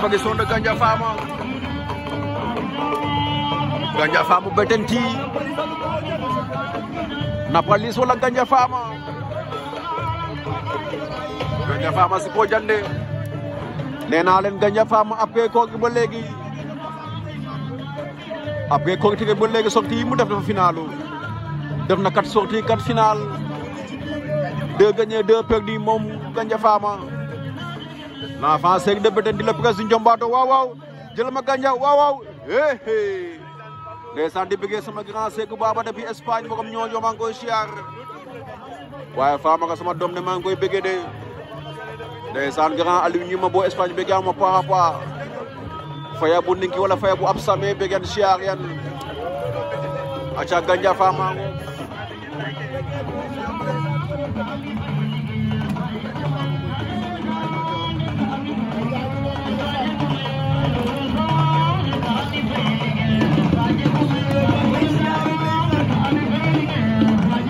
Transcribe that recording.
Production de Gandia Fama Gandia Fama wala Gandia Fama Gandia Fama si ko jande naa leen Gandia Fama après kooku ba léegi après kooku tege ba léegi sortie yi mu def dafa finalu def na quatre sorties quatre finales deux gagnés deux perdus moom Gandia Fama fa sek de beten di lepas sun wow wow jelma jël ma ganja wow wow eh, hehe Desa ndeysaan di sama grand sek baba depuis Espagne mokom ñooñu maa ngi koy siyaar ko sama dom ne ma Desa koy bëggee de ndeysaan grand Aliou ñu ma bo Espagne bëggee ma pa pa faya bu ninki wala faya bu ab yan acha ganja ma